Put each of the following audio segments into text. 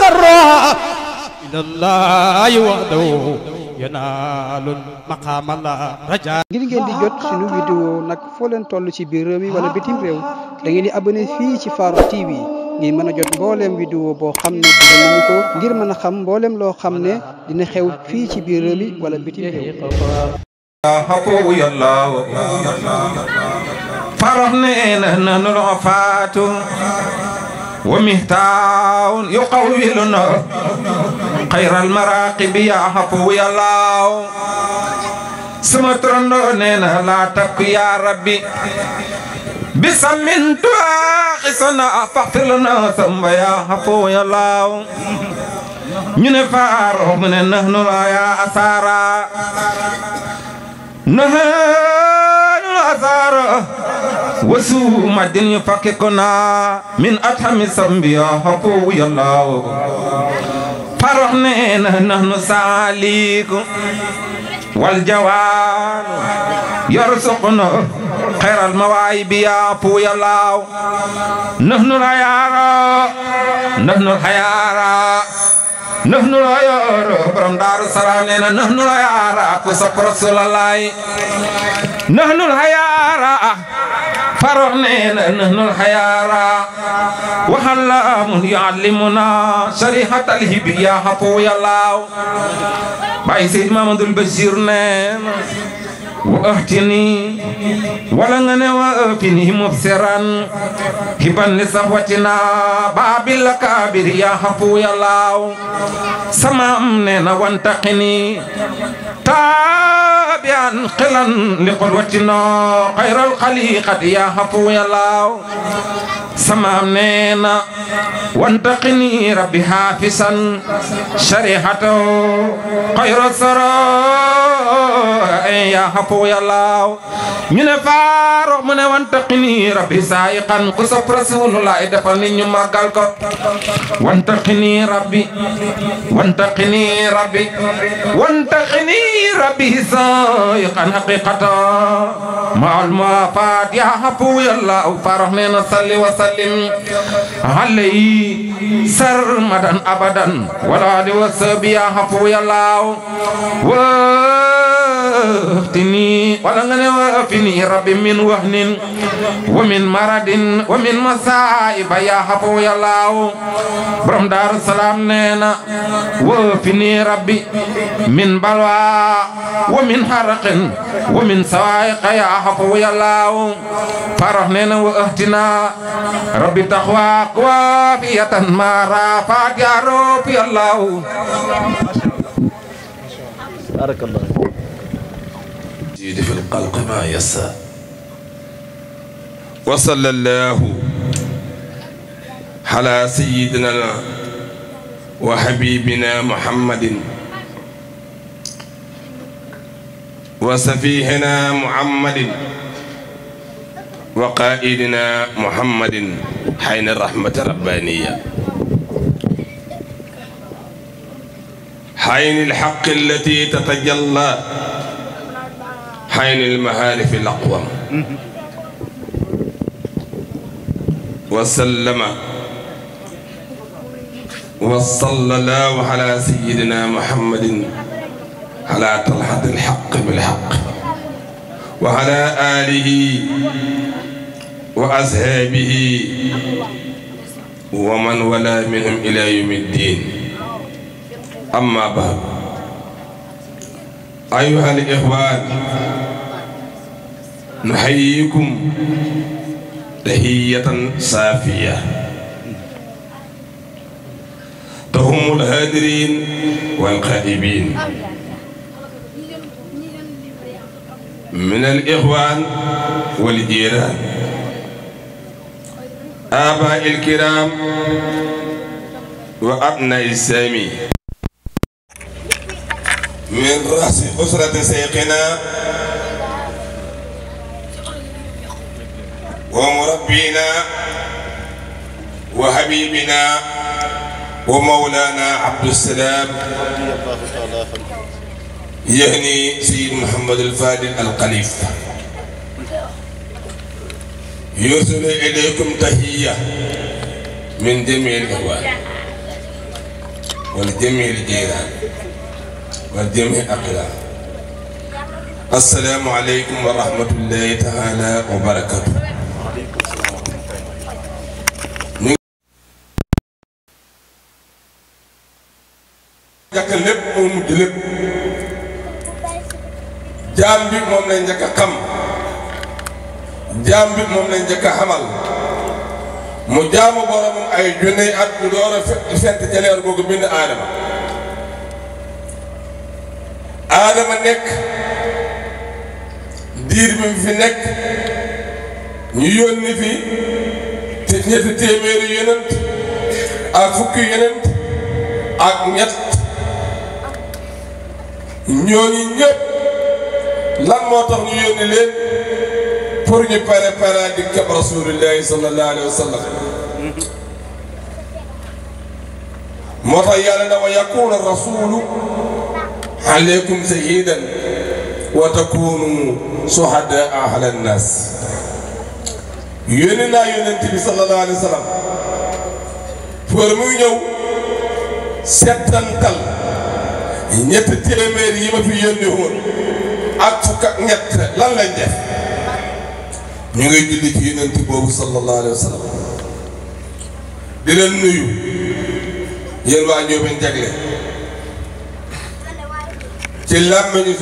تقرى la raja ngir di jot nag foo toll ci biir réew mi wala bitim réew da ci Farokh TV ngir mën a jot mbooleem vidéo boo xam ne mën a xam mbooleem loo xam ne dina xew fii ci biir réew wala bitim réew xaku nee na nanu faatu ومهتاء يقولنا خير المراقب يا حفو يا الله سما ترندو نينا لا تك يا ربي بسمين تواخسنا فاغفر لنا ثم يا حفو يا الله ني فارو من نحن يا أسارا نحن أسارا وسوما الدين يفككنا من أتهم السنبياء حقو يلاو فرحنا نحن ساليكم والجوال يرزقنا خير المواعيب يا أبو يلاو نحن الحيارى نحن الحيارى نحن لا يارا برم دار السلام لنا نحن لا يارا كسب رسول الله نحن الحيارى فرغ نينا نحن الحيارى وحلام يعلمنا شريحة الهبية حطو يلاو باي سيد محمد البشير نيم وأهتني ولا غنى وأفني مبصرا هبا لصحوتنا باب الأكابر يا حفو يلاو سمام نينا وانتقني تابعا قلا لقدوتنا خير الخليقة يا حفو يا الله سمام نينا وانتقني ربي حافساً شريحته خير السراء يا حفو يا الله من فارو من وانتقني ربي سائقا قصف رسول الله دفلني نيوما قالكو وانتقني ربي وانتقني ربي وانتقني ربه سائقا حقيقة مع الموافات يا حفو يا الله فرحنا نصلي وسلم عليه سرمدا أبدا ولا لوسب يا حفو يا الله وافتني ولا غني وافتني ربي من وهن ومن مرض ومن مصائب يا حفو يا الله برم دار السلام نينا وافتني ربي من بلوى ومن حرق ومن سوائق يا حفو يا الله فرح نينا واهتنا ربي تقوى قوافية ما رافعت يا رب يا الله بارك الله المجيد في القلق ما يسر وصلى الله على سيدنا وحبيبنا محمد وسفيهنا محمد وقائدنا محمد حين الرحمة الربانية حين الحق التي تتجلى حين المهارف الأقوم وسلم وصلى الله على سيدنا محمد على طلحة الحق بالحق وعلى آله وأصحابه ومن ولا منهم إلى يوم الدين أما بعد أيها الإخوان نحييكم تحية صافية تهم الهادرين والقائبين من الإخوان والجيران آباء الكرام وأبناء السامي من رأس أسرة سيقنا ومربينا وحبيبنا ومولانا عبد السلام يهني سيد محمد الفادي القليف يرسل إليكم تهية من جميع الإخوان ولجميع الجيران ولجميع الأقلام السلام عليكم ورحمة الله تعالى وبركاته lépp moo mujj lépp jaam bi moom lay njëkk a jaam bi moom lay njëkk a xamal mu jaamu boromam ay junney at mu door a fent ca googu bind aadama aadama nekk diir bi fi nekk ñu yónni fi te ñetti téeméeri ak fukki yonent ak ñett ñooñu ñëpp lan moo tax ñu yónni leen pour ñu préparer di kam rasulillahi sallallahu alayhi wa sallam moo tax yàlla na wa yakuna rasulu alaykum shahidan wa takunu suhadaa ala nnas yónni naa yónnent bi sallallahu alayhi wa sallam pour muy ñëw settantal ñetti téeméer yi ma fi yónni woon ak fukk ak lan lañ def ñu ngay julli ci yonent boobu sallallahu waa Ndiobène Diaglé ci làmmiñu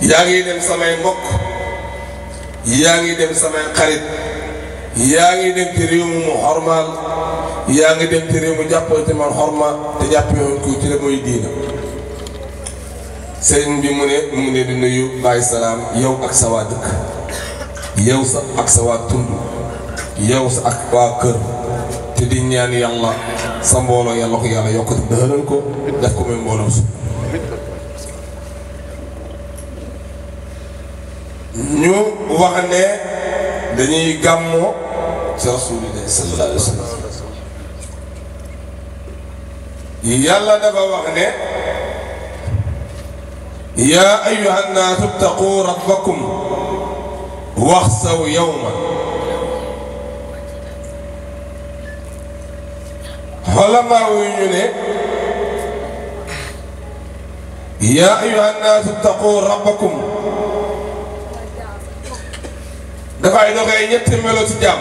yaa ngi dem samay mbokk yaa ngi dem samay xarit yaa ngi dem ci réew mu xormaal yaa ngi dem ci réew mu jàppale te man xorma te jàppee woon ko ci la diina sëriñ bi mu ne mu ngi leen di nuyu bàyyi salaam yow ak sa waa dëkk yow sa ak sa waa tund yow sa ak waa kër te di ñaan yàlla sa mbooloo yàlla ko yàlla yokk dëhëral ko def ko muy mbooloo su ñu wax ne dañuy gàmmoo sa rasulillah sallallahu alayhi wa sallam yàlla dafa wax ne يا أيها الناس اتقوا ربكم واخسوا يوما علماء وينيوني يا أيها الناس اتقوا ربكم dafay doxee ñetti melo ci jàmm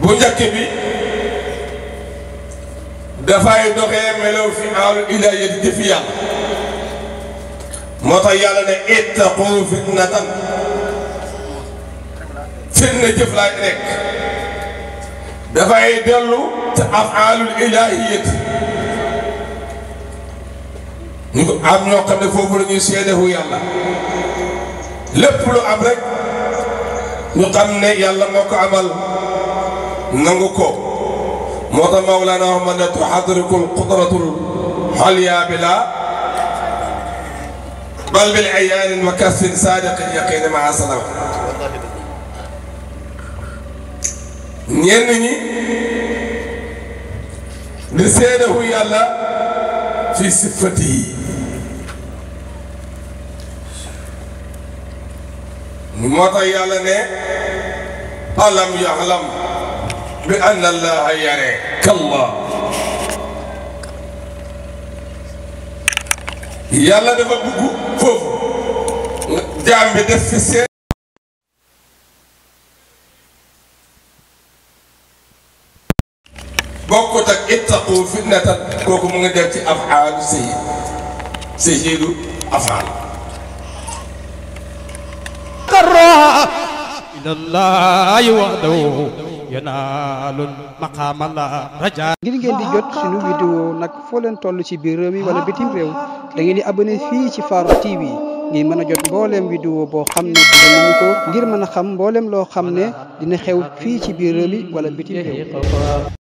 bu njëkk bi dafay doxee melo fi aalu ilaaya di jëfi moo tax yàlla ne ittaqu fitnatan fitna jëf laaj rek dafay dellu te afaalul ilaahiyati am ñoo xam ne foofu la ñuy seedehu yàlla lépp lu am rek ñu xam ne yàlla moo ko amal nangu ko moo tax mawlaana wax ma ne tuxadrikul qudratul xolya bi la bal bil ayaanin wa kasin saadiqin yaqin maa salama ñenn ñi di seedehu yàlla fi sifati yi moo tax yàlla ne alam yaxlam bi anna allaha yare kalla yàlla dafa bugg foofu jaam bi def fi seen bokkut ak ittaqu fitnatan kooku mu ngi def ci afaal sëyi sëyidu afaal inna allahi wahdahu yanaalul maqaama la raja ngir ngeen di jot suñu vidéo nag foo leen toll ci biir réew mi wala bitim réew da ngeen di abonné fii ci Farokh TV ngir mën a jot mbooleem vidéo boo xam ne ngir mën a xam mbooleem loo xam ne dina xew fii ci biir réew mi wala bitim réew